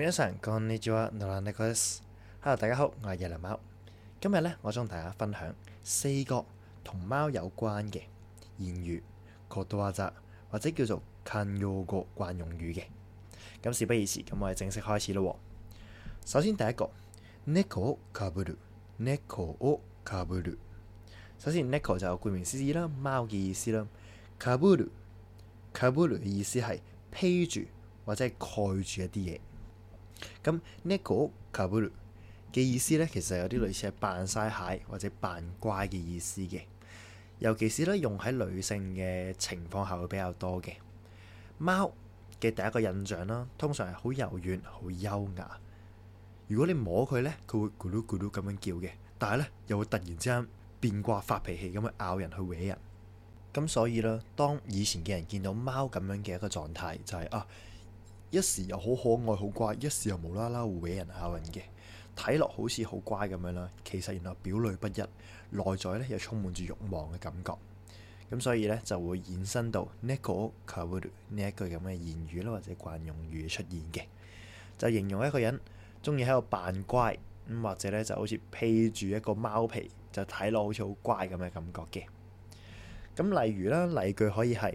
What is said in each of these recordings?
Hello，大家好，我係野良貓。今日咧，我想同大家分享四個同貓有關嘅言語、國度話則或者叫做昆語個慣用語嘅。咁事不宜遲，咁我哋正式開始咯。首先第一個，neko kaburu，neko kaburu。首先，neko 就有個顧名思義意思啦，貓嘅意思啦。kaburu，kaburu 嘅意思係披住或者係蓋住一啲嘢。咁呢一個かぶる嘅意思呢，其實有啲類似係扮晒蟹，蟹或者扮乖嘅意思嘅，尤其是呢，用喺女性嘅情況下會比較多嘅。貓嘅第一個印象啦，通常係好柔軟、好優雅。如果你摸佢呢，佢會咕嚕咕嚕咁樣叫嘅，但係呢，又會突然之間變卦發脾氣咁樣咬人去搲人。咁所以呢，當以前嘅人見到貓咁樣嘅一個狀態，就係、是、啊～一時又好可愛好乖，一時又無啦啦搲人咬人嘅，睇落好似好乖咁樣啦。其實原來表裏不一，內在咧又充滿住慾望嘅感覺。咁所以咧就會衍生到呢 i c 呢一句咁嘅言語咧或者慣用語出現嘅，就形容一個人中意喺度扮乖咁，或者咧就好似披住一個貓皮，就睇落好似好乖咁嘅感覺嘅。咁例如啦，例句可以係。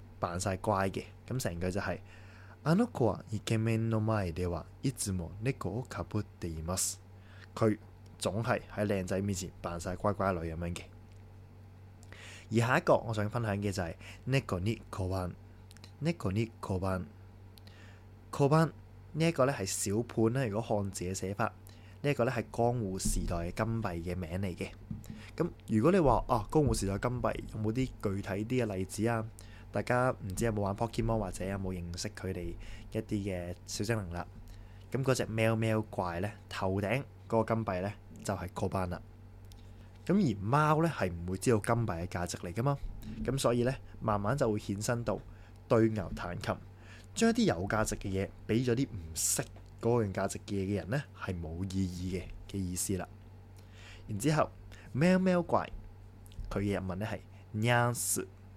扮曬乖嘅咁成句就係、是。あの子はイケメンの前ではいつもネコを被っています。佢總係喺靚仔面前扮曬乖乖女咁樣嘅。而下一個我想分享嘅就係、是、ネコにコバン。ネコにコバン。コバン呢一、這個咧係小判咧。如果漢字嘅寫法呢一、這個咧係江戶時代嘅金幣嘅名嚟嘅。咁如果你話啊，江戶時代金幣有冇啲具體啲嘅例子啊？大家唔知有冇玩 Pokemon 或者有冇認識佢哋一啲嘅小精靈啦？咁嗰隻喵喵怪呢，頭頂嗰個金幣呢，就係個小判啦。咁而貓呢，係唔會知道金幣嘅價值嚟㗎嘛？咁所以呢，慢慢就會衍生到對牛彈琴，將一啲有價值嘅嘢俾咗啲唔識嗰樣價值嘅嘢嘅人呢，係冇意義嘅嘅意思啦。然之後，喵喵怪佢嘅日文呢係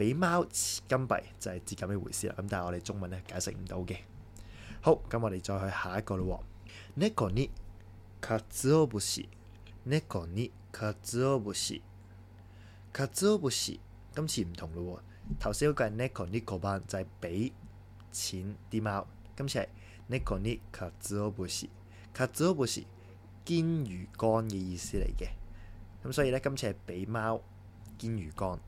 俾貓錢金幣就係折金咩回事啦？咁但係我哋中文咧解釋唔到嘅。好，咁我哋再去下一個啦。Neko ni katsuobushi，neko ni katsuobushi，katsuobushi、就是、今次唔同啦喎。頭先嗰個 neco ni 嗰版就係俾錢啲貓，今次係 neko ni katsuobushi，katsuobushi 煎魚乾嘅意思嚟嘅。咁所以咧，今次係俾貓煎魚乾。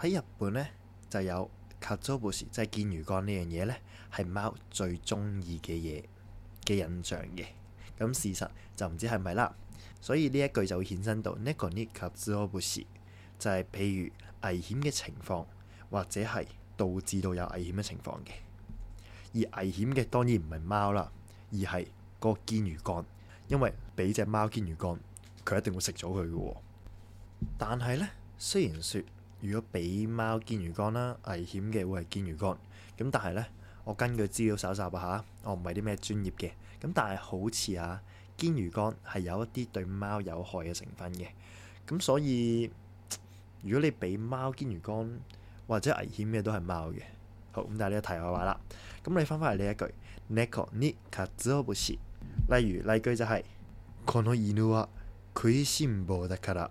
喺日本呢，就有 Katsuobushi，即係鰹魚乾呢樣嘢，呢係貓最中意嘅嘢嘅印象嘅。咁事實就唔知係咪啦，所以呢一句就會衍生到 Neko ni Katsuobushi，就係譬如危險嘅情況，或者係導致到有危險嘅情況嘅。而危險嘅當然唔係貓啦，而係個鰹魚乾，因為俾隻貓鰹魚乾，佢一定會食咗佢噶。但係呢，雖然說。如果俾貓堅魚乾啦，危險嘅會係堅魚乾。咁但係咧，我根據資料搜集下，我唔係啲咩專業嘅。咁但係好似啊，堅魚乾係有一啲對貓有害嘅成分嘅。咁所以，如果你俾貓堅魚乾或者危險嘅都係貓嘅。好咁，但係呢個題外話啦。咁你翻返嚟呢一句，貓に鰹節。例如例句就係、是、この犬は食いしん坊だから。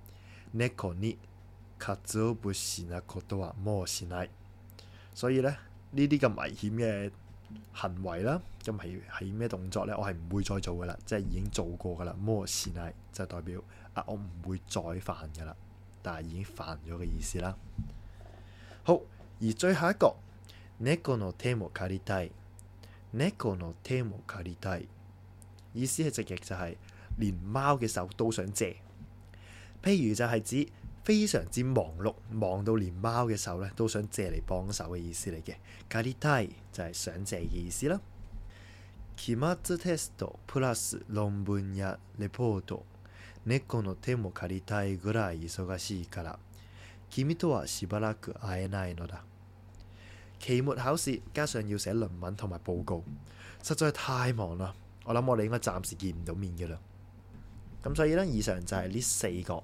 呢個呢，かつおぶし啊，覺得話もうしない，所以咧呢啲咁危險嘅行為啦，咁係係咩動作咧？我係唔會再做噶啦，即係已經做過噶啦，もうしない就是、代表啊，我唔會再犯噶啦，但係已經犯咗嘅意思啦。好，而最後一個，貓の手も借りたい，貓の手も借りたい，意思係直譯就係、是、連貓嘅手都想借。譬如就係指非常之忙碌，忙到連貓嘅手咧都想借嚟幫手嘅意思嚟嘅。借りたい就係、是、想借嘅意思啦。期末考試加上要寫論文同埋報告，實在太忙啦！我諗我哋應該暫時見唔到面嘅啦。咁所以呢，以上就係呢四個。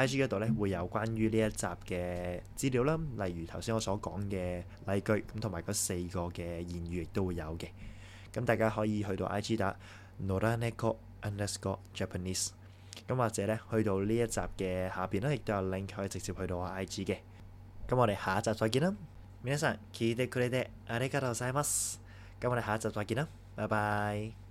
I G 嗰度咧會有關於呢一集嘅資料啦，例如頭先我所講嘅例句，咁同埋嗰四個嘅諺語亦都會有嘅。咁大家可以去到 I G 打 noraneko underscore japanese，咁或者咧去到呢一集嘅下邊咧亦都有 link 可以直接去到 I G 嘅。咁我哋下一集再見啦。皆さん聞いてくれてありがとうございます。咁我哋下一集再見啦，拜拜。